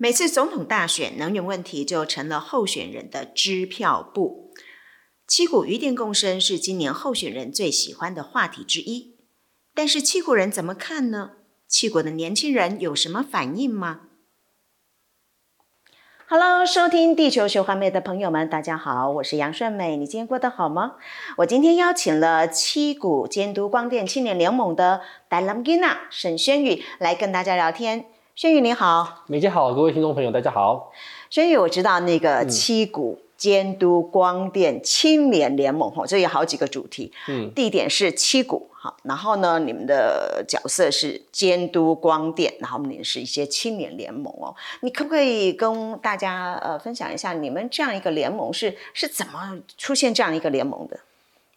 每次總統大選，能源問題就成了候選人的支票簿。七股漁電共生是今年候選人最喜歡的話題之一。但是七股人怎麼看呢？七股的年輕人有什麼反應嗎？Hello，收聽《地球學畫妹》的朋友們，大家好，我是楊順美。你今天過得好嗎？我今天邀請了七股監督光電青年聯盟的戴蘭吉娜，沈軒宇來跟大家聊天。軒宇你好，美姐好，各位聽眾朋友大家好。軒宇，我知道那個七股監督光電青年聯盟，吼、嗯，這有好幾個主題。嗯，地點是七股，哈、嗯，然後呢，你們的角色是監督光電，然後你們是一些青年聯盟哦。你可不可以跟大家呃分享一下，你們這樣一個聯盟是是怎麼出現這樣一個聯盟的？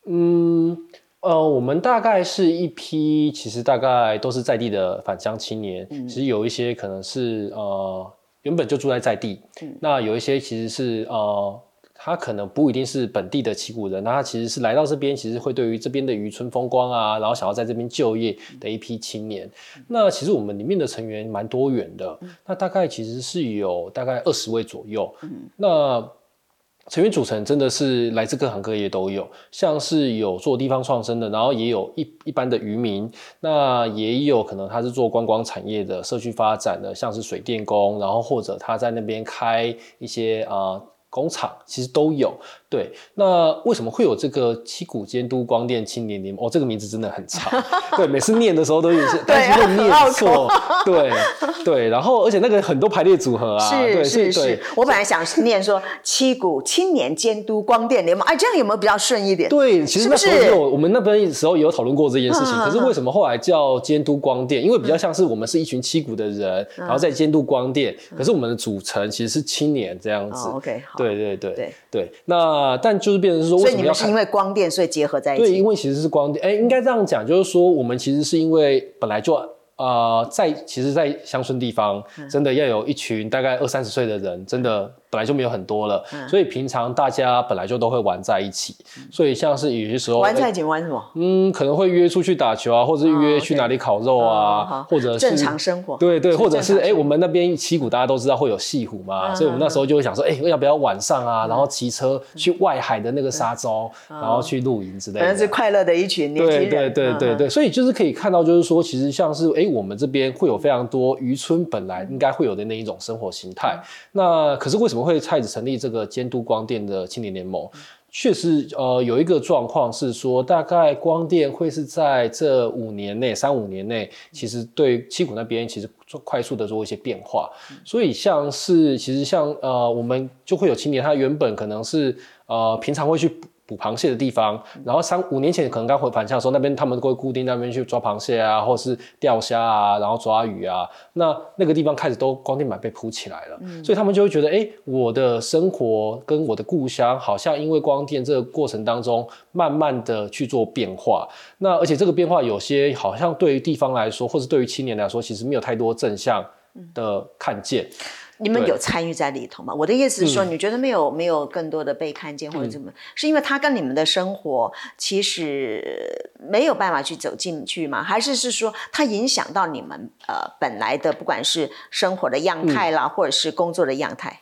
嗯。呃，我們大概是一批，其實大概都是在地的返鄉青年，嗯、其實有一些可能是呃原本就住在在地，嗯、那有一些其實是呃他可能不一定是本地的七股人，那他其實是來到這邊，其實會對於這邊的漁村風光啊，然後想要在這邊就業的一批青年，嗯、那其實我們裡面的成員蠻多元的，嗯、那大概其實是有大概二十位左右，嗯、那。成員組成真的是來自各行各業都有，像是有做地方創生的，然後也有一一般的漁民，那也有可能他是做觀光產業的、社區發展的，像是水電工，然後或者他在那邊開一些啊、呃、工廠，其實都有。對，那為什麼會有這個七股監督光電青年聯盟？哦，這個名字真的很長，對，每次念的時候都有，但是又念錯，對對，然後而且那個很多排列組合啊，是是是，我本來想念說七股青年監督光電聯盟，哎，這樣有沒有比較順一點？對，其實那時候也有我我們那邊時候也有討論過這件事情，可是為什麼後來叫監督光電？因為比較像是我們是一群七股的人，然後在監督光電，可是我們的組成其實是青年這樣子，OK，對對對對對，那。啊、呃，但就是變成說，所以你們是因為光電，所以結合在一起。對，因為其實是光電，哎、欸，應該這樣講，就是說我們其實是因為本來就啊、呃，在其實，在鄉村地方，真的要有一群大概二三十歲的人，真的。嗯。本來就沒有很多了，所以平常大家本來就都會玩在一起，嗯、所以像是有些時候玩在一起玩什麼、欸？嗯，可能會約出去打球啊，或者約去哪裡烤肉啊，哦 okay 哦，或者是正，是正常生活。對對，或者是哎、欸，我們那邊七股，大家都知道會有潟湖嘛，嗯嗯，所以我們那時候就會想說，哎、欸，要不要晚上啊，然後騎車去外海的那個沙洲，嗯嗯，然後去露營之類的，那是快樂的一群年輕人。對對對對對，所以就是可以看到，就是說，其實像是哎、欸，我們這邊會有非常多漁村本來應該會有的那一種生活形態。嗯、那可是為什麼？會蔡子成立這個監督光電的青年聯盟，確實呃有一個狀況是說，大概光電會是在這五年內、三五年內，其實對七股那邊其實做快速的做一些變化，所以像是其實像呃我們就會有青年，他原本可能是呃平常會去。捕螃蟹的地方，然後三五年前可能剛回返鄉的時候，那邊他們會固定那邊去抓螃蟹啊，或是釣蝦啊，然後抓魚啊。那那個地方開始都光電板被鋪起來了，嗯、所以他們就會覺得，哎，我的生活跟我的故鄉好像因為光電這個過程當中，慢慢的去做變化。那而且這個變化有些好像對於地方來說，或是對於青年來說，其實沒有太多正向的看見。嗯你們有參與在裡頭嗎？對我的意思是說，你覺得沒有、嗯、沒有更多的被看見或者怎麼？嗯、是因為他跟你們的生活其實沒有辦法去走進去嗎？還是是說他影響到你們呃本來的不管是生活的樣態啦，嗯、或者是工作的樣態？嗯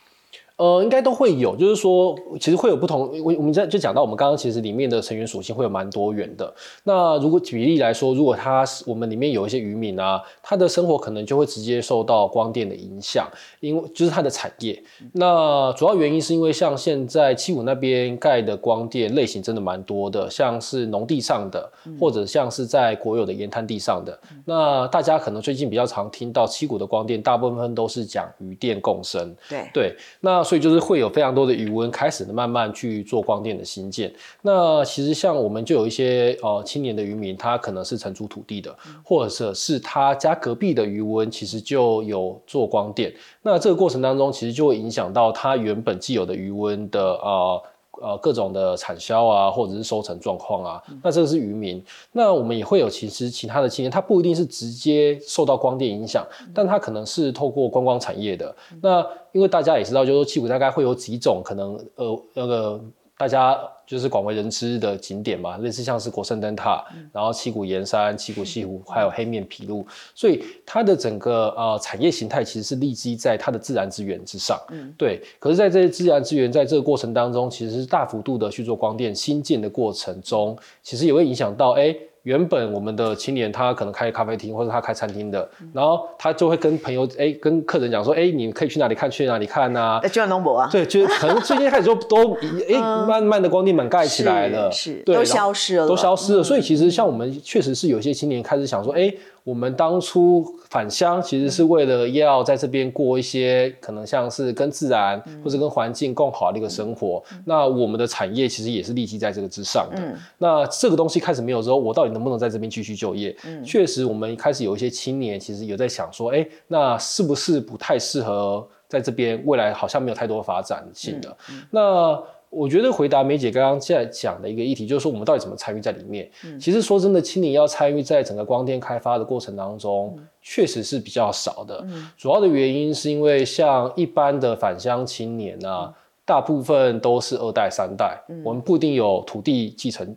呃，應該都會有，就是說，其實會有不同。我們我們在就講到，我們剛剛其實裡面的成員屬性會有蠻多元的。那如果舉例來說，如果他是我們裡面有一些漁民啊，他的生活可能就會直接受到光電的影響，因為就是他的產業。那主要原因是因為像現在七股那邊蓋的光電類型真的蠻多的，像是農地上的，或者像是在國有的鹽灘地上的。嗯、那大家可能最近比較常聽到七股的光電，大部分都是講漁電共生。對對，那。所以就是會有非常多的魚塭開始的慢慢去做光電的興建。那其實像我們就有一些呃青年的漁民，他可能是承租土地的，或者是他家隔壁的魚塭其實就有做光電。那這個過程當中，其實就會影響到他原本既有的魚塭的呃。呃，各種的產銷啊，或者是收成狀況啊，嗯、那這個是漁民。那我們也會有其實其他的青年，他不一定是直接受到光電影響，嗯、但他可能是透過觀光產業的。嗯、那因為大家也知道，就是說七股大概會有幾種可能，呃，那、呃、個。大家就是廣為人知的景點嘛，類似像是國聖燈塔，嗯、然後七股鹽山、七股西湖，還有黑面琵鷺，嗯、所以它的整個呃產業形態其實是立基在它的自然資源之上，嗯、對。可是，在這些自然資源在這個過程當中，其實是大幅度的去做光電新建的過程中，其實也會影響到誒、欸原本我們的青年他可能開咖啡廳或者他開餐廳的，嗯、然後他就會跟朋友哎跟客人講說，哎，你可以去哪裡看去哪裡看啊，東啊。對，就可能最近開始就都哎， 慢慢的光電板蓋起來了，嗯、是，是對，都消失了，都消失了。嗯、所以其實像我們確實是有些青年開始想說，哎。誒我們當初返鄉其實是為了要在這邊過一些可能像是跟自然或者跟環境更好的一個生活。嗯嗯、那我們的產業其實也是立基在這個之上的。嗯、那這個東西開始沒有之後，我到底能不能在這邊繼續就業？確、嗯、實，我們開始有一些青年其實有在想說，誒、欸，那是不是不太適合在這邊？未來好像沒有太多發展性的。嗯嗯、那我覺得回答梅姐剛剛在講的一個議題，就是說我們到底怎麼參與在裡面。嗯、其實說真的，青年要參與在整個光電開發的過程當中，嗯、確實是比較少的。嗯、主要的原因是因為像一般的返鄉青年啊，嗯、大部分都是二代三代，嗯、我們不一定有土地繼承。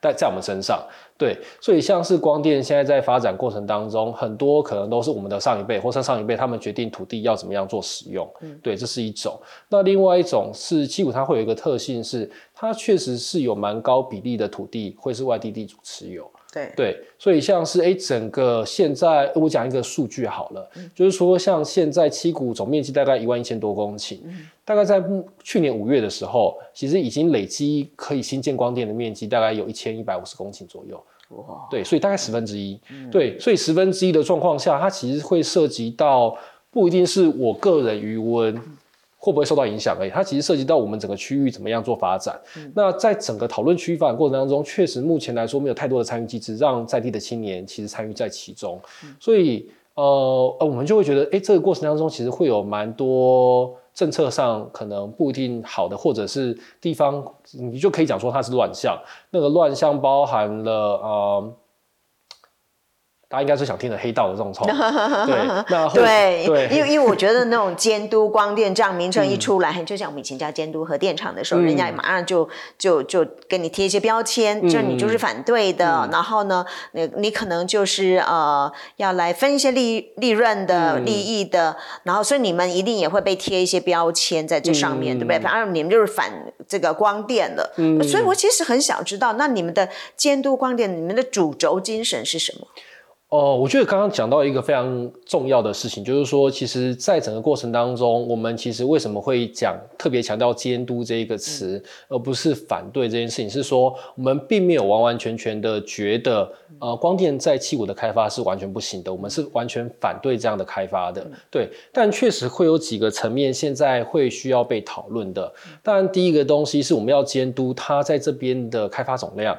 在在我們身上，對，所以像是光電現在在發展過程當中，很多可能都是我們的上一輩或上上一輩，他們決定土地要怎麼樣做使用，嗯，對，這是一種。那另外一種是七股，它會有一個特性是，它確實是有蠻高比例的土地會是外地地主持有。對，對，所以像是哎，整個現在我講一個數據好了，嗯、就是說像現在七股總面積大概一萬一千多公頃，嗯、大概在去年五月的時候，其實已經累積可以新建光電的面積大概有一千一百五十公頃左右。哇對，所以大概十分之一。嗯、對，所以十分之一的狀況下，它其實會涉及到不一定是我個人餘溫。嗯會不會受到影響而已？它其實涉及到我們整個區域怎麼樣做發展。嗯、那在整個討論區域發展的過程當中，確實目前來說沒有太多的參與機制，讓在地的青年其實參與在其中。嗯、所以，呃呃，我們就會覺得，誒、欸，這個過程當中其實會有蠻多政策上可能不一定好的，或者是地方，你就可以講說它是亂象。那個亂象包含了呃他應該是想聽的黑道的這種操，對，對，因為因為我覺得那種監督光電這樣名稱一出來，就像我們以前叫監督核電廠的時候，人家馬上就就就給你貼一些標籤，就你就是反對的，然後呢，那你可能就是呃要來分一些利利潤的利益的，然後所以你們一定也會被貼一些標籤在這上面對不對？反而你們就是反這個光電的，所以我其實很想知道，那你們的監督光電，你們的主軸精神是什麼？哦、呃，我覺得剛剛講到一個非常重要的事情，就是說，其實，在整個過程當中，我們其實為什麼會講特別強調“監督、嗯”這一個詞，而不是反對這件事情，是說，我們並沒有完完全全的覺得，呃，光電在七股的開發是完全不行的，我們是完全反對這樣的開發的。嗯、對，但確實會有幾個層面現在會需要被討論的。當然，第一個東西是我們要監督它在這邊的開發總量。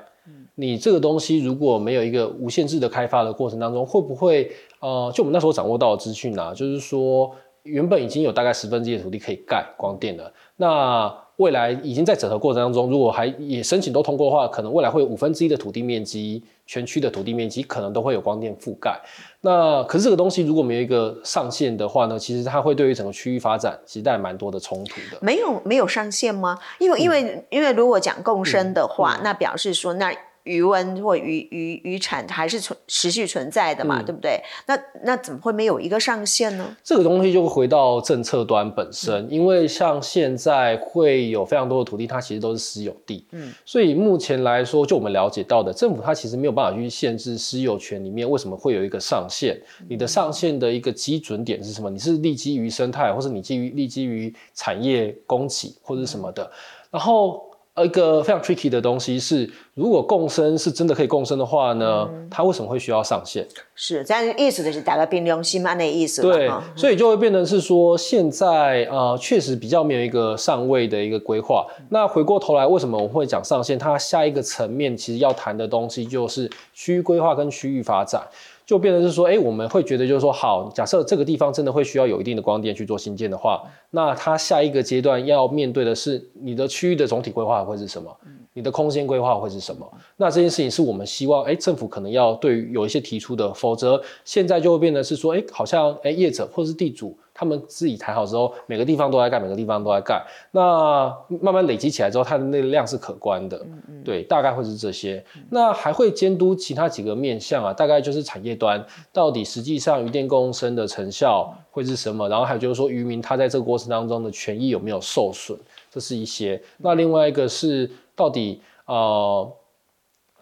你這個東西如果沒有一個無限制的開發的過程當中，會不會呃，就我們那時候掌握到的資訊啊，就是說原本已經有大概十分之一的土地可以蓋光電了。那未來已經在整合過程當中，如果還也申請都通過的話，可能未來會有五分之一的土地面積，全區的土地面積可能都會有光電覆蓋。那可是這個東西如果沒有一個上限的話呢，其實它會對於整個區域發展其實帶蠻多的衝突的。沒有沒有上限嗎？因為、嗯、因為因為如果講共生的話，嗯嗯、那表示說那。漁塭或漁、漁、漁產還是存持續存在的嘛，嗯、對不對？那那怎麼會沒有一個上限呢？這個東西就回到政策端本身，嗯、因為像現在會有非常多的土地，它其實都是私有地，嗯，所以目前來說，就我們了解到的，政府它其實沒有辦法去限制私有權裡面為什麼會有一個上限？嗯、你的上限的一個基準點是什麼？你是立基於生態，或是你基於立基於產業供給，或是什麼的？嗯、然後。呃，一個非常 tricky 的東西是，如果共生是真的可以共生的話呢，嗯、它為什麼會需要上限？是，這樣意思就是大家變良心嘛、啊、那意思。對，所以就會變成是說，現在呃，確實比較沒有一個上位的一個規劃。嗯、那回過頭來，為什麼我們會講上限？它下一個層面其實要談的東西就是區域規劃跟區域發展。就變得是說，哎、欸，我們會覺得就是說，好，假設這個地方真的會需要有一定的光電去做新建的話，那它下一個階段要面對的是你的區域的總體規劃會是什麼？你的空間規劃會是什麼？那這件事情是我們希望，哎、欸，政府可能要對於有一些提出的，否則現在就會變得是說，哎、欸，好像，哎、欸，業者或是地主。他們自己談好之後，每個地方都在蓋，每個地方都在蓋。那慢慢累積起來之後，它的那個量是可觀的。嗯嗯、對，大概會是這些。嗯、那還會監督其他幾個面向啊，大概就是產業端、嗯、到底實際上漁電共生的成效會是什麼，嗯、然後還有就是說漁民他在這個過程當中的權益有沒有受損，這是一些。那另外一個是到底啊。呃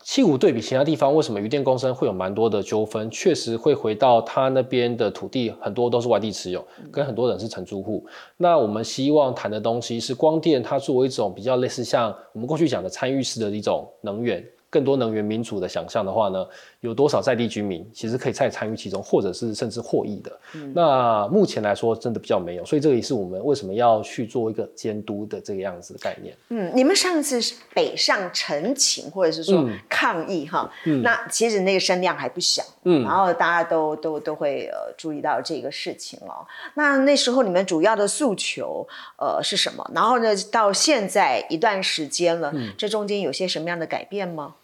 七股對比其他地方，為什麼漁電共生會有蠻多的糾紛？確實會回到他那邊的土地，很多都是外地持有，跟很多人是承租戶。那我們希望談的東西是光電，它作為一種比較類似像我們過去講的參與式的一種能源。更多能源民主的想象的話呢，有多少在地居民其實可以再參與其中，或者是甚至獲益的？嗯，那目前來說真的比較沒有，所以這也是我們為什麼要去做一個監督的這個樣子的概念。嗯，你們上次北上陳情或者是說抗議，嗯，哈，嗯，那其實那個聲量還不小，嗯，然後大家都都都會呃注意到這個事情哦。那那時候你們主要的訴求呃是什麼？然後呢，到現在一段時間了，嗯，這中間有些什麼樣的改變嗎？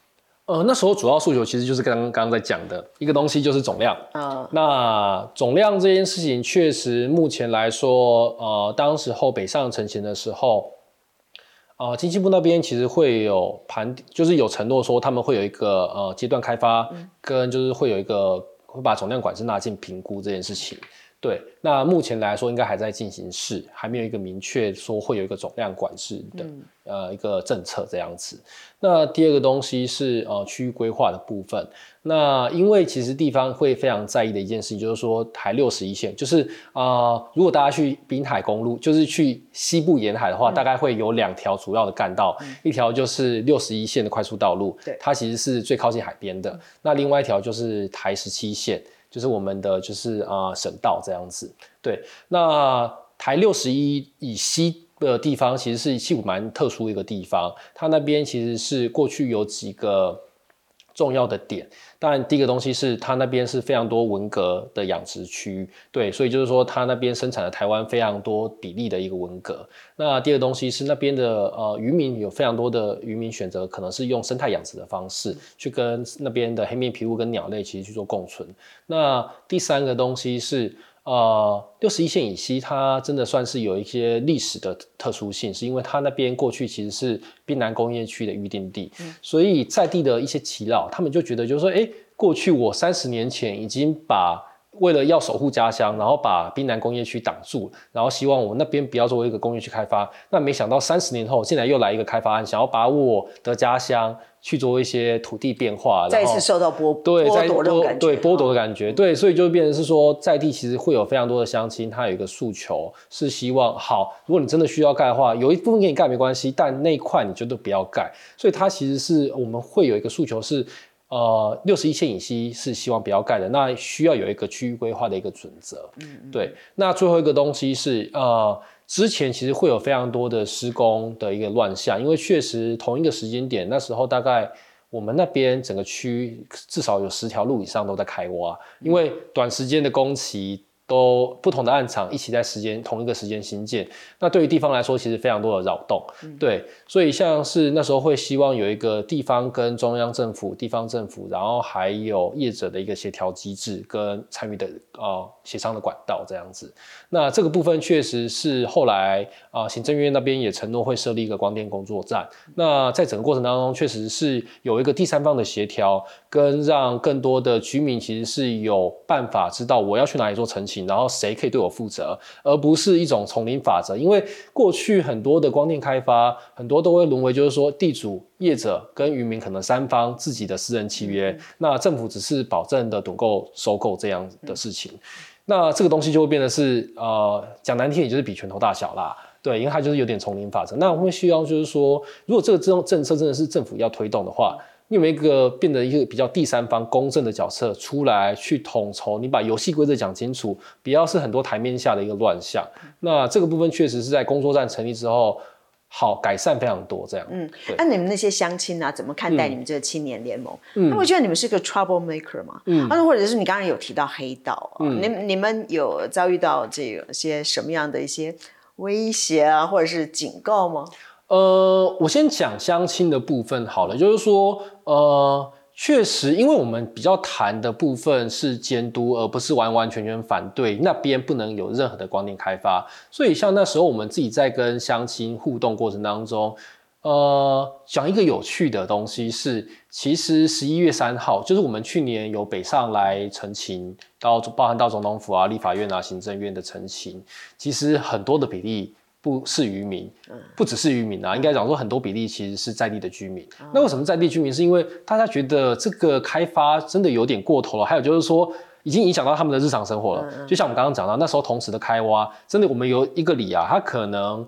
呃，那時候主要訴求其實就是剛剛剛在講的一個東西，就是總量啊。哦。那總量這件事情，確實目前來說，呃，當時候北上成型的時候，呃，經濟部那邊其實會有盤，就是有承諾說他們會有一個呃階段開發，跟就是會有一個會把總量管制納進評估這件事情。對，那目前來說應該還在進行式，還沒有一個明確說會有一個總量管制的、嗯、呃一個政策這樣子。那第二個東西是呃區域規劃的部分。那因為其實地方會非常在意的一件事情，就是說台六十一線，就是啊、呃，如果大家去濱海公路，就是去西部沿海的話，嗯、大概會有兩條主要的幹道，嗯、一條就是六十一線的快速道路，對，它其實是最靠近海邊的。嗯、那另外一條就是台十七線。就是我們的就是啊、呃、省道這樣子，對。那台六十一以西的地方，其實是其實蠻特殊的一個地方。它那邊其實是過去有幾個重要的點。當然，但第一個東西是它那邊是非常多文蛤的養殖區，對，所以就是說它那邊生產了台灣非常多比例的一個文蛤。那第二個東西是那邊的呃漁民有非常多的漁民選擇可能是用生態養殖的方式、嗯、去跟那邊的黑面琵鷺跟鳥類其實去做共存。那第三個東西是。呃，六十一線以西，它真的算是有一些歷史的特殊性，是因為它那邊過去其實是濱南工業區的預定地，嗯、所以在地的一些耆老，他們就覺得就是說，哎、欸，過去我三十年前已經把。為了要守護家鄉，然後把濱南工業區擋住，然後希望我那邊不要作為一個工業區開發。那沒想到三十年後，現在又來一個開發案，想要把我的家鄉去做一些土地變化，然後再一次受到剝對剝奪感覺對，對剝奪的感覺。哦、對，所以就變成是說，在地其實會有非常多的鄉親，他有一個訴求是希望，好，如果你真的需要蓋的話，有一部分給你蓋沒關係，但那一塊你就都不要蓋，所以它其實是我們會有一個訴求是，呃，六十一千引西是希望不要蓋的，那需要有一個區域規劃的一個準則，嗯。嗯，對。那最後一個東西是，呃，之前其實會有非常多的施工的一個亂象，因為確實同一個時間點，那時候大概我們那邊整個區至少有十條路以上都在開挖，嗯、因為短時間的工期。都不同的案場一起在時間同一個時間興建，那對於地方來說，其實非常多的擾動，嗯、對，所以像是那時候會希望有一個地方跟中央政府、地方政府，然後還有業者的一個協調機制跟參與的啊協、呃、商的管道這樣子。那這個部分確實是後來啊、呃、行政院那邊也承諾會設立一個光電工作站。那在整個過程當中，確實是有一個第三方的協調，跟讓更多的居民其實是有辦法知道我要去哪裡做澄清。然後誰可以對我負責，而不是一種叢林法則？因為過去很多的光電開發，很多都會淪為就是說地主業者跟漁民可能三方自己的私人契約，嗯、那政府只是保證的躉購收購這樣的事情，嗯、那這個東西就會變得是呃講難聽，也就是比拳頭大小啦。對，因為它就是有點叢林法則。那我們需要就是說，如果這個這種政策真的是政府要推動的話。你有沒有一個變得一個比較第三方公正的角色出來去統籌，你把遊戲規則講清楚，不要是很多台面下的一個亂象。那這個部分確實是在工作站成立之後，好改善非常多。這樣，嗯，那對、嗯啊、你們那些鄉親啊，怎麼看待你們這個青年聯盟？嗯、那我覺得你們是個 trouble maker 嘛，嗯、啊，或者是你剛剛有提到黑道，啊，嗯、你你們有遭遇到這些什麼樣的一些威脅啊，或者是警告嗎？呃，我先講鄉親的部分好了，就是說，呃，確實，因為我們比較談的部分是監督，而不是完完全全反對那邊不能有任何的光電開發。所以，像那時候我們自己在跟鄉親互動過程當中，呃，講一個有趣的東西是，其實十一月三號就是我們去年有北上來陳情，到包含到總統府啊、立法院啊、行政院的陳情，其實很多的比例。不是漁民，不只是漁民啊，應該講說，很多比例其實是在地的居民。那為什麼在地居民？是因為大家覺得這個開發真的有點過頭了，還有就是說已經影響到他們的日常生活了。就像我們剛剛講到，那時候同時的開挖，真的我們有一個里啊，它可能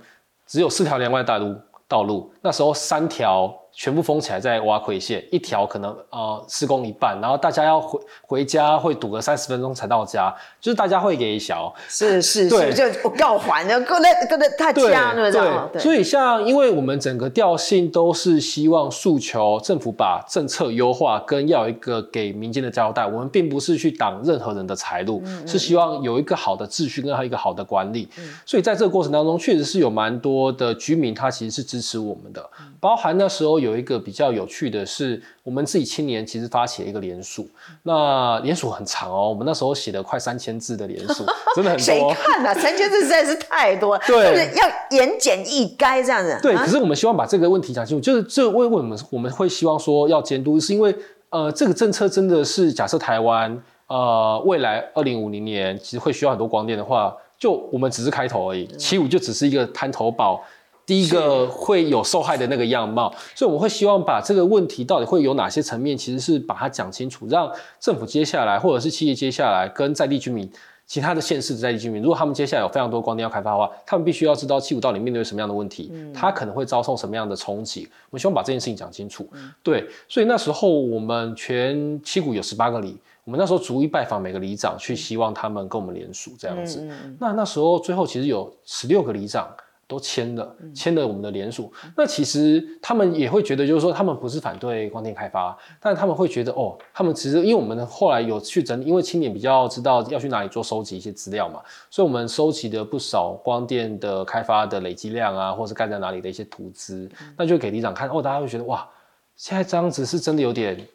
只有四條連外大路，道路那時候三條，全部封起來再挖虧線，一條可能呃施工一半，然後大家要回回家會堵個三十分鐘才到家，就是大家會給小是是 對是,是就不夠還就夠那夠那太差，對不對？對，所以像因為我們整個調性都是希望訴求政府把政策優化，跟要一個給民間的交代，我們並不是去擋任何人的財路，嗯嗯、是希望有一個好的秩序跟有一個好的管理。嗯、所以在這個過程當中，確實是有蠻多的居民他其實是支持我們的，嗯、包含那時候。有一個比較有趣的是，我們自己青年其實發起了一個連署，那連署很長哦、喔，我們那時候寫了快三千字的連署，真的很長誰 看啊？三千字實在是太多了， 就是要言簡意賅這樣子、啊。對，啊、可是我們希望把這個問題講清楚，就是這為為什麼我們會希望說要監督，是因為呃，這個政策真的是假設台灣呃未來二零五零年其實會需要很多光電的話，就我們只是開頭而已，七股就只是一個灘頭堡。第一個是會有受害的那個樣貌，是所以我們會希望把這個問題到底會有哪些層面，其實是把它講清楚，讓政府接下來或者是企業接下來跟在地居民、其他的縣市的在地居民，如果他們接下來有非常多光電要開發的話，他們必須要知道七股到底面對什麼樣的問題，它、嗯、可能會遭受什麼樣的衝擊。我們希望把這件事情講清楚。嗯、對，所以那時候我們全七股有十八個里，我們那時候逐一拜訪每個里長，去希望他們跟我們聯署這樣子。嗯、那那時候最後其實有十六個里長。都簽了，簽了我們的連署。嗯、那其實他們也會覺得，就是說他們不是反對光電開發，但他們會覺得哦，他們其實因為我們後來有去整理，因為青年比較知道要去哪裡做收集一些資料嘛，所以我們收集的不少光電的開發的累積量啊，或是蓋在哪裡的一些圖資，嗯、那就給里長看哦，大家會覺得哇，現在這樣子是真的有點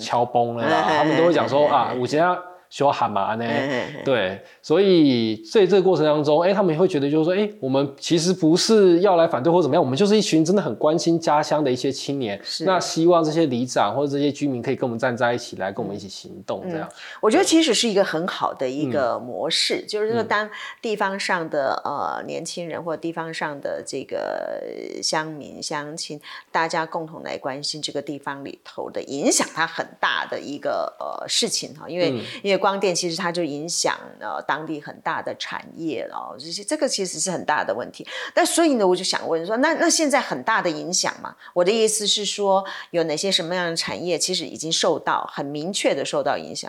敲崩了啦。嗯、他們都會講說啊，我現在需要喊嘛呢？嗯、對，所以在這個過程當中，哎，他們會覺得就是說，哎，我們其實不是要來反對或怎麼樣，我們就是一群真的很關心家鄉的一些青年。是那希望這些里長或者這些居民可以跟我們站在一起來，嗯、跟我們一起行動。這樣，嗯，我覺得其實是一個很好的一個模式，對就是說，當地方上的、嗯、呃年輕人或地方上的這個鄉民鄉親，大家共同來關心這個地方裡頭的影響，它很大的一個呃事情哈，因為因為。嗯光電其實它就影響呃當地很大的產業了，這些這個其實是很大的問題。但所以呢，我就想問說，那那現在很大的影響嘛？我的意思是說，有哪些什麼樣的產業其實已經受到很明確的受到影響？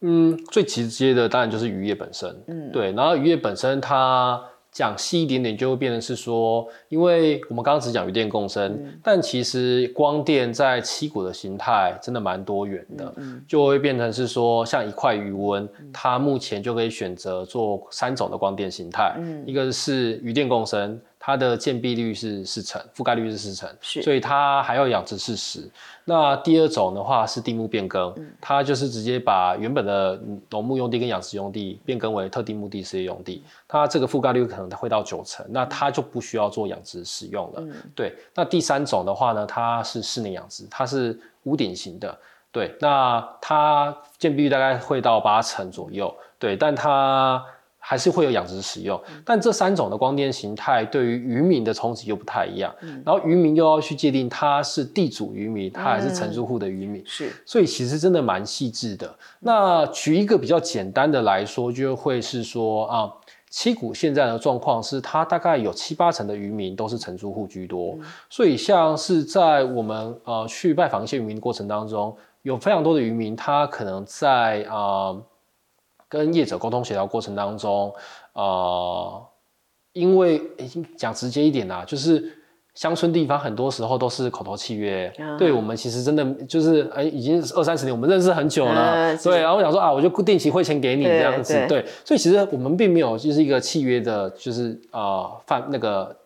嗯，最直接的當然就是漁業本身，嗯，對，然後漁業本身它。講細一點點，就會變成是說，因為我們剛剛只講漁電共生，嗯、但其實光電在七股的形態真的蠻多元的，嗯嗯、就會變成是說，像一塊魚塭，嗯、它目前就可以選擇做三種的光電形態，嗯、一個是漁電共生。它的建蔽率是四成，覆蓋率是四成，是所以它還要養殖四十。那第二種的話是地目變更，嗯、它就是直接把原本的農牧用地跟養殖用地變更為特定目的事業用地，嗯、它這個覆蓋率可能會到九成，那它就不需要做養殖使用了。嗯、對，那第三種的話呢，它是室內養殖，它是屋頂型的，對，那它建蔽率大概會到八成左右，對，但它。還是會有養殖使用，但這三種的光電形態對於漁民的衝擊又不太一樣。嗯、然後漁民又要去界定他是地主漁民，嗯、他還是承租戶的漁民，嗯、是。所以其實真的蠻細緻的。那舉一個比較簡單的來說，就會是說啊，七股現在的狀況是，它大概有七八成的漁民都是承租戶居多。嗯、所以像是在我們呃去拜訪一些漁民的過程當中，有非常多的漁民，他可能在啊。呃跟業者溝通協調過程當中，呃，因為講直接一點啦，啊，就是鄉村地方很多時候都是口頭契約，嗯、對我們其實真的就是哎，已經二三十年我們認識很久了，嗯、對，然後我想說啊，我就定期匯錢給你對這樣子，對，對，所以其實我們並沒有就是一個契約的，就是呃，犯那個。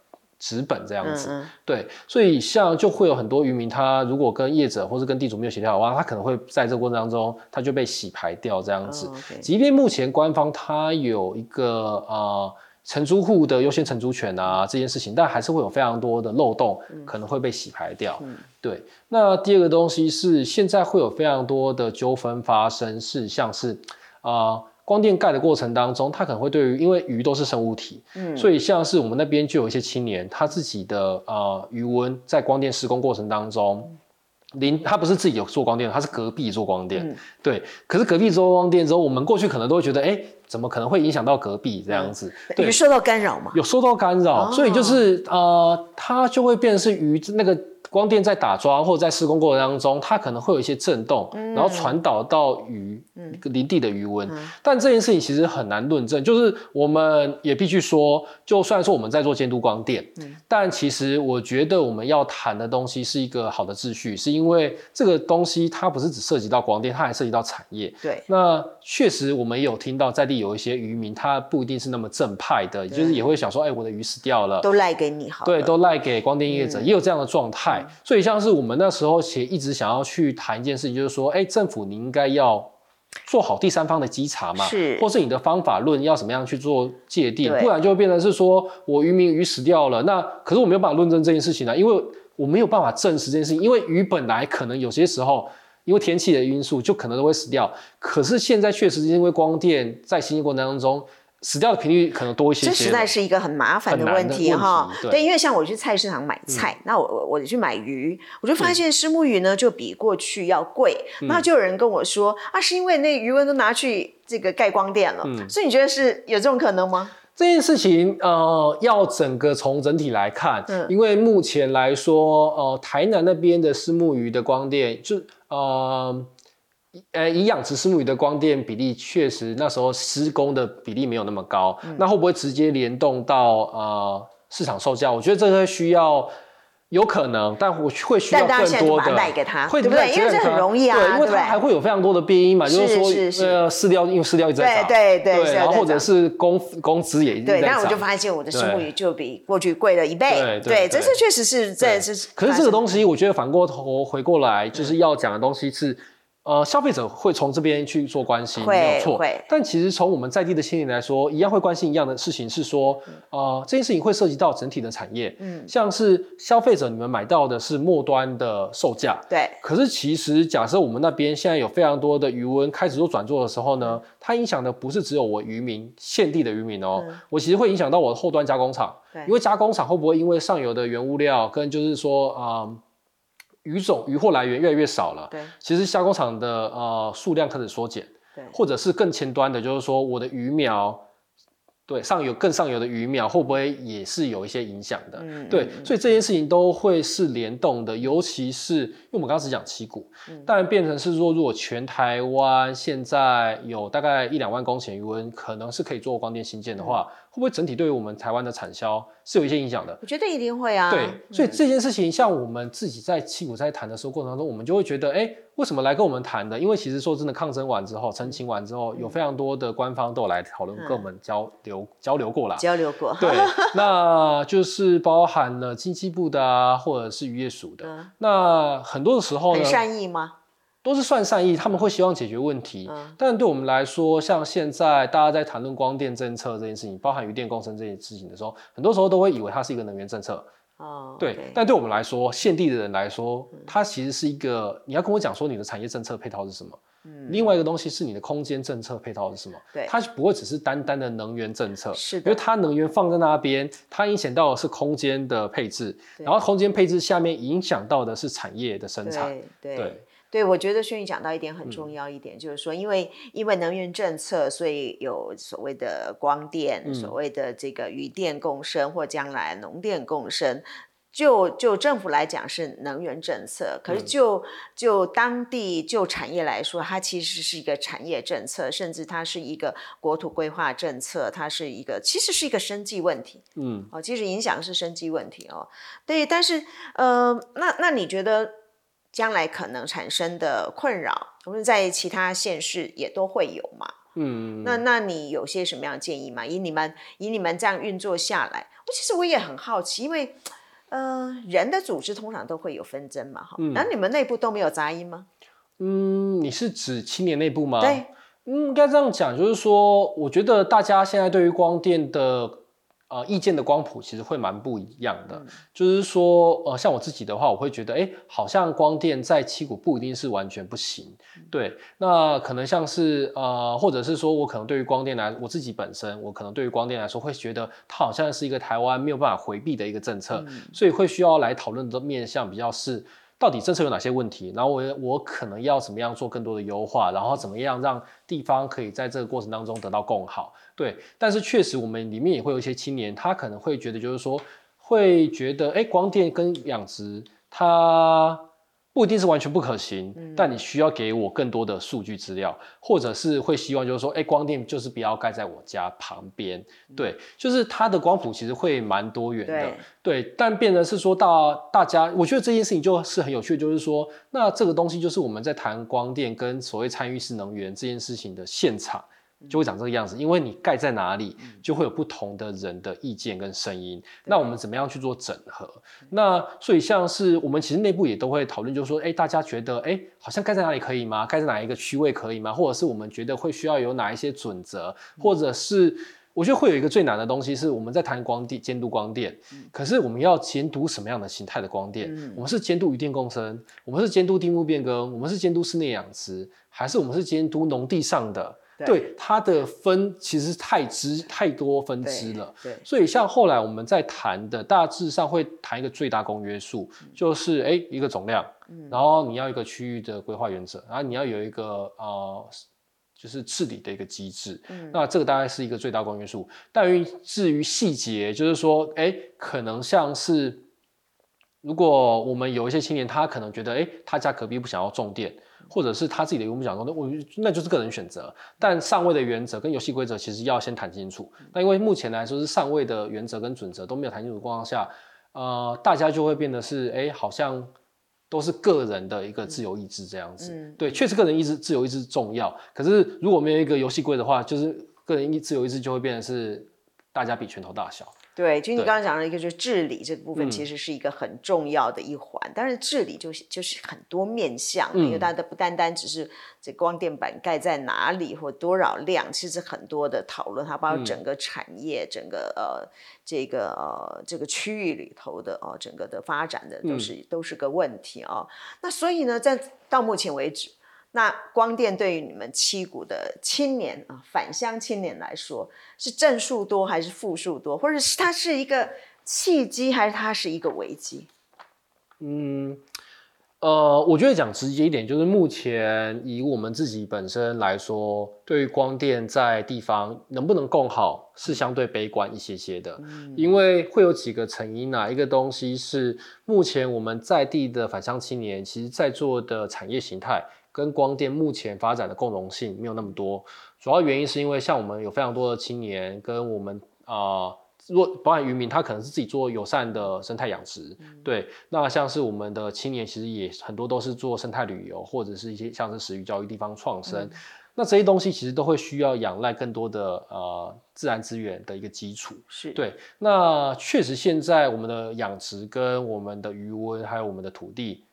資本這樣子，嗯嗯對，所以像就會有很多漁民，他如果跟業者或是跟地主沒有協調的話，他可能會在這個過程當中，他就被洗牌掉這樣子。哦 okay，即便目前官方他有一個呃承租戶的優先承租權啊這件事情，但還是會有非常多的漏洞，嗯、可能會被洗牌掉。嗯、對，那第二個東西是現在會有非常多的糾紛發生是，是像是啊。呃光電蓋的過程當中，它可能會對於，因為魚都是生物體，嗯、所以像是我們那邊就有一些青年，他自己的呃魚塭在光電施工過程當中，鄰他不是自己有做光電，他是隔壁做光電，嗯、對，可是隔壁做光電之後，我們過去可能都會覺得，誒，怎麼可能會影響到隔壁這樣子？有、嗯、對受到干擾嗎？有受到干擾，哦、所以就是呃，它就會變成是魚那個。光電在打樁或者在施工過程當中，它可能會有一些震動，嗯、然後傳導到魚、嗯、鄰地的魚塭。嗯嗯、但這件事情其實很難論證，就是我們也必須說，就算說我們在做監督光電，嗯、但其實我覺得我們要談的東西是一個好的秩序，是因為這個東西它不是只涉及到光電，它還涉及到產業。對，那確實我們也有聽到在地有一些漁民，他不一定是那麼正派的，對就是也會想說，哎、欸，我的魚死掉了，都賴給你哈，對，都賴給光電業,業者，嗯、也有這樣的狀態。嗯所以像是我們那時候也，一直想要去談一件事情，就是說，哎、欸，政府你應該要做好第三方的稽查嘛，是，或是你的方法論要怎麼樣去做界定，對不然就會變成是說我漁民魚死掉了，那可是我沒有辦法論證這件事情啊，因為我沒有辦法證實這件事情，因為魚本來可能有些時候因為天氣的因素就可能都會死掉，可是現在確實是因為光電在行進過程當中。死掉的頻率可能多一些，些，這實在是一個很麻煩的問題哈。題對，對，因為像我去菜市場買菜，嗯、那我我我去買魚，我就發現虱目魚呢、嗯、就比過去要貴，嗯、那就有人跟我說啊，是因為那魚塭都拿去這個蓋光電了。嗯、所以你覺得是有這種可能嗎？這件事情呃，要整個從整體來看，嗯、因為目前來說，呃，台南那邊的虱目魚的光電就呃。呃，以養殖虱目魚的光電比例確實，那時候施工的比例沒有那麼高，那會不會直接聯動到呃市場售價？我覺得這個需要有可能，但我會需要更多的，會對不對？因為這很容易啊，對因為它還會有非常多的變異嘛，就是說呃飼料，因為飼料，一直在漲，對對對，然後或者是工工資也一直在漲，對，那我就發現我的虱目魚就比過去貴了一倍，對對，這是確實是這是。可是這個東西，我覺得反過頭回過來就是要講的東西是。呃，消費者會從這邊去做關心，會沒有錯。會但其實從我們在地的心民來說，一樣會關心一樣的事情，是說，呃，這件事情會涉及到整體的產業。嗯，像是消費者你們買到的是末端的售價，對。可是其實假設我們那邊現在有非常多的魚塭開始做轉作的時候呢，對它影響的不是只有我漁民現地的漁民哦、喔，嗯、我其實會影響到我的後端加工廠，對因為加工廠會不會因為上游的原物料跟就是說啊。呃魚種、魚獲來源越來越少了，對，其實蝦工廠的呃數量開始縮減，對，或者是更前端的，就是說我的魚苗，對，上游更上游的魚苗會不會也是有一些影響的？嗯嗯嗯對，所以這些事情都會是聯動的，尤其是因為我們剛剛只講七股，當然、嗯嗯、變成是說如果全台灣現在有大概一兩萬公頃魚塭，可能是可以做光電新建的話。會不會整體對於我們台灣的產銷是有一些影響的？我覺得一定會啊。對，嗯、所以這件事情，像我們自己在七股在談的時候過程當中，嗯、我們就會覺得，誒，為什麼來跟我們談呢？因為其實說真的，抗爭完之後，澄清完之後，嗯、有非常多的官方都有來討論，嗯、跟我們交流交流過啦，交流過。流過對， 那就是包含了經濟部的啊，或者是漁業署的。嗯、那很多的時候呢、嗯，很善意嗎？都是算善意，他們會希望解決問題。嗯、但對我們來說，像現在大家在談論光電政策這件事情，包含漁電工程這件事情的時候，很多時候都會以為它是一個能源政策。哦、對。okay. 但對我們來說，在地的人來說，它其實是一個，嗯、你要跟我講說你的產業政策配套是什麼？嗯、另外一個東西是你的空間政策配套是什麼？對、嗯，它不會只是單單的能源政策，是的，因為它能源放在那邊，它影響到的是空間的配置，啊、然後空間配置下面影響到的是產業的生產。對對。對對對，我覺得軒宇講到一點很重要一點，嗯、就是說，因為因為能源政策，所以有所謂的光電，嗯、所謂的這個漁電共生，或將來農電共生。就就政府來講是能源政策，可是就、嗯、就當地就產業來說，它其實是一個產業政策，甚至它是一個國土規劃政策，它是一個其實是一個生計問題。嗯，哦，其實影響是生計問題哦。對，但是呃，那那你覺得？將來可能產生的困擾，我們在其他縣市也都會有嘛。嗯，那那你有些什麼樣的建議嗎？以你們以你們這樣運作下來，我其實我也很好奇，因為，呃，人的組織通常都會有紛爭嘛，哈，嗯。那你們內部都沒有雜音嗎？嗯，你是指青年內部嗎？對。應該這樣講，就是說，我覺得大家現在對於光電的。呃，意見的光譜其實會蠻不一樣的，嗯、就是說，呃，像我自己的話，我會覺得，哎，好像光電在七股不一定是完全不行，嗯、對，那可能像是，呃，或者是說，我可能對於光電來，我自己本身，我可能對於光電來說，會覺得它好像是一個台灣沒有辦法迴避的一個政策，嗯、所以會需要來討論的面向比較是到底政策有哪些問題？然後我我可能要怎麼樣做更多的優化？然後怎麼樣讓地方可以在這個過程當中得到更好？對，但是確實我們裡面也會有一些青年，他可能會覺得就是說，會覺得哎，光電跟養殖它。不一定是完全不可行，但你需要給我更多的數據資料，嗯、或者是會希望就是說，哎、欸，光電就是不要蓋在我家旁邊。嗯、對，就是它的光譜其實會蠻多元的。對，對，但變得是說到大家，我覺得這件事情就是很有趣，就是說，那這個東西就是我們在談光電跟所謂參與式能源這件事情的現場。就會長這個樣子，因為你蓋在哪裡，嗯、就會有不同的人的意見跟聲音。嗯、那我們怎麼樣去做整合？嗯、那所以像是我們其實內部也都會討論，就是說，哎，大家覺得，哎，好像蓋在哪裡可以嗎？蓋在哪一個區位可以嗎？或者是我們覺得會需要有哪一些準則？嗯、或者是我覺得會有一個最難的東西是我們在談光電監督光電，嗯、可是我們要監督什麼樣的形態的光電？嗯、我們是監督魚電共生，我們是監督地目變更，我們是監督室內養殖，還是我們是監督農地上的？對，它的分其實太支太多分支了。對對，所以像後來我們在談的，大致上會談一個最大公約數，就是哎，一個總量，然後你要一個區域的規劃原則，然後你要有一個呃，就是治理的一個機制，那這個大概是一個最大公約數。但於至於細節，就是說哎，可能像是如果我們有一些青年，他可能覺得哎，他家隔壁不想要種電。或者是他自己的一個夢想，那我那就是個人選擇。但上位的原則跟遊戲規則其實要先談清楚。那因為目前來說是上位的原則跟準則都沒有談清楚的情況下，呃，大家就會變得是，哎、欸，好像都是個人的一個自由意志這樣子。嗯嗯、對，確實個人意志、自由意志重要。可是如果沒有一個遊戲規則的話，就是個人自由意志就會變得是大家比拳頭大小。對，就你剛剛講的一個，就是治理這個部分，其實是一個很重要的一環。嗯、但是治理就就是很多面向，嗯、因為它的不單單只是這光電板蓋在哪裡或多少量，其實很多的討論，它包括整個產業、整個呃這個呃這個區域裡頭的哦、呃，整個的發展的都是、嗯、都是個問題啊、哦。那所以呢，在到目前為止。那光電對於你們七股的青年啊，返鄉青年來說，是正數多還是負數多，或者是它是一個契機，還是它是一個危機？嗯，呃，我覺得講直接一點，就是目前以我們自己本身來說，對於光電在地方能不能更好，是相對悲觀一些些的，嗯，因為會有幾個成因啊。一個東西是目前我們在地的返鄉青年，其實在做的產業型態。跟光電目前發展的共融性沒有那麼多，主要原因是因為像我們有非常多的青年跟我們啊、呃，若包含漁民，他可能是自己做友善的生態養殖，嗯、對。那像是我們的青年，其實也很多都是做生態旅遊或者是一些像是食魚教育、地方創生，嗯、那這些東西其實都會需要仰賴更多的呃自然資源的一個基礎。是。對。那確實現在我們的養殖跟我們的魚塭還有我們的土地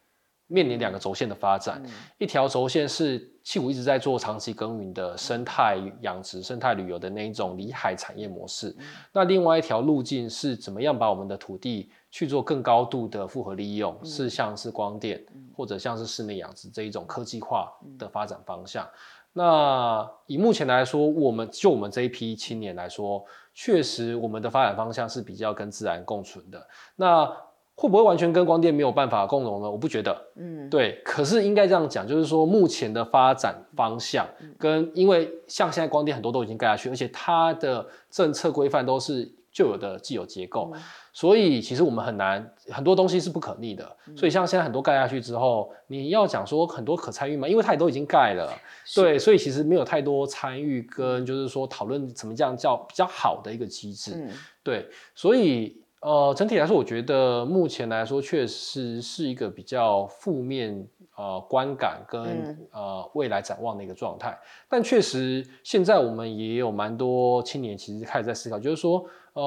面臨兩個軸線的發展，嗯、一條軸線是七股一直在做長期耕耘的生態養殖、嗯、生態旅遊的那一種裡海產業模式，嗯、那另外一條路徑是怎麼樣把我們的土地去做更高度的複合利用，嗯、是像是光電、嗯、或者像是室內養殖這一種科技化的發展方向。嗯、那以目前來說，我們就我們這一批青年來說，確實我們的發展方向是比較跟自然共存的。那會不會完全跟光電沒有辦法共融呢？我不覺得，嗯，對。可是應該這樣講，就是說目前的發展方向跟，因為像現在光電很多都已經蓋下去，而且它的政策規範都是舊有的既有結構，嗯、所以其實我們很難，很多東西是不可逆的。嗯、所以像現在很多蓋下去之後，你要講說很多可參與嘛，因為它也都已經蓋了，是對，所以其實沒有太多參與跟就是說討論怎麼樣叫，叫比較好的一個機制，嗯、對，所以。呃，整體來說，我覺得目前來說，確實是一個比較負面呃觀感跟、嗯、呃未來展望的一個狀態。但確實，現在我們也有蠻多青年，其實開始在思考，就是說，呃，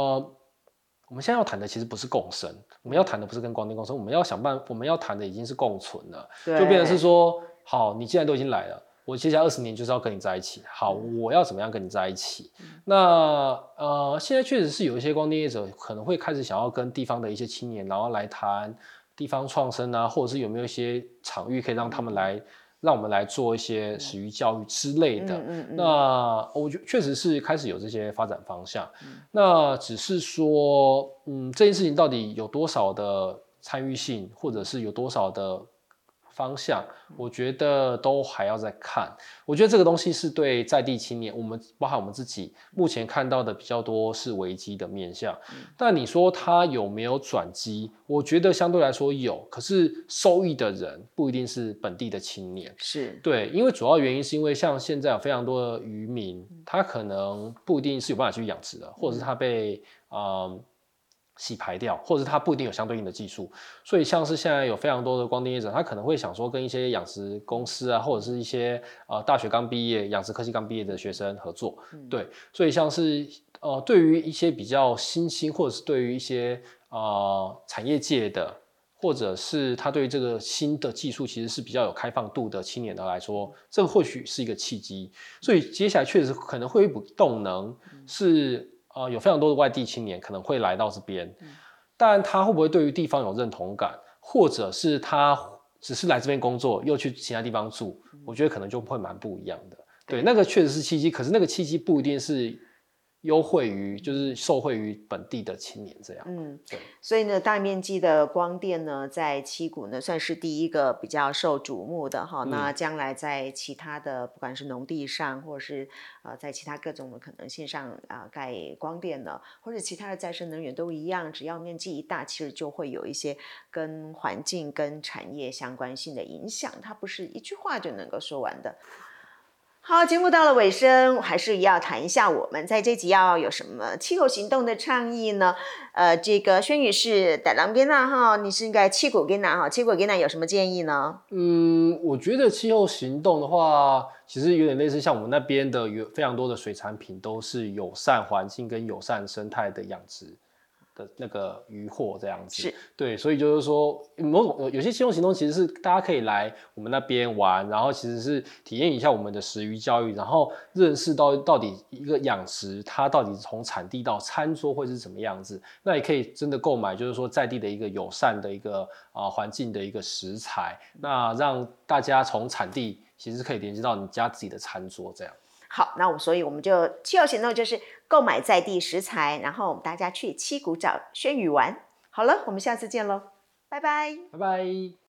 我們現在要談的其實不是共生，我們要談的不是跟光電共生，我們要想辦，我們要談的已經是共存了，對就變成是說，好，你既然都已經來了。我接下來二十年就是要跟你在一起。好，我要怎麼樣跟你在一起？那呃，現在確實是有一些光電業者可能會開始想要跟地方的一些青年，然後來談地方創生啊，或者是有沒有一些場域可以讓他們來，讓我們來做一些食育教育之類的。嗯、那我覺得確實是開始有這些發展方向。嗯、那只是說，嗯，這件事情到底有多少的參與性，或者是有多少的？方向，我覺得都還要再看。我覺得這個東西是對在地青年，我們包含我們自己，目前看到的比較多是危機的面向。嗯。但你說它有沒有轉機？我覺得相對來說有，可是受益的人不一定是本地的青年，是對，因為主要原因是因為像現在有非常多的漁民，他可能不一定是有辦法去養殖的，或者是他被啊。呃洗牌掉，或者是它不一定有相對應的技術，所以像是現在有非常多的光電業者，他可能會想說跟一些養殖公司啊，或者是一些呃大學剛畢業、養殖科技剛畢業的學生合作。對，所以像是呃對於一些比較新興，或者是對於一些呃產業界的，或者是他對於這個新的技術其實是比較有開放度的青年的來說，嗯、這或許是一個契機。所以接下來確實可能會有一股動能是。呃，有非常多的外地青年可能會來到這邊，嗯、但他會不會對於地方有認同感，或者是他只是來這邊工作又去其他地方住，嗯、我覺得可能就會蠻不一樣的。嗯、對，那個確實是契機，可是那個契機不一定是。優惠於就是受惠於本地的青年這樣，嗯，對，所以呢，大面積的光電呢，在七股呢算是第一個比較受矚目的哈。嗯、那將來在其他的不管是農地上，或者是啊、呃，在其他各種的可能性上啊、呃，蓋光電呢，或者其他的再生能源都一樣，只要面積一大，其實就會有一些跟環境跟產業相關性的影響，它不是一句話就能夠說完的。好，節目到了尾聲，我還是要談一下我們在這集要有什麼氣候行動的倡議呢？呃，這個軒宇是台灣邊吶哈，你是應該氣候邊吶哈，氣候邊吶有什麼建議呢？嗯，我覺得氣候行動的話，其實有點類似像我們那邊的有非常多的水產品都是友善環境跟友善生態的養殖。的那個漁獲這樣子是對，所以就是說某種有些氣候行動其實是大家可以來我們那邊玩，然後其實是體驗一下我們的食魚教育，然後認識到到底一個養殖它到底從產地到餐桌會是什麼樣子，那也可以真的購買，就是說在地的一個友善的一個啊環境的一個食材，那讓大家從產地其實可以連接到你家自己的餐桌這樣。好，那我所以我們就氣候行動就是。購買在地食材，然後我們大家去七股找軒宇玩。好了，我們下次見嘍，拜拜，拜拜。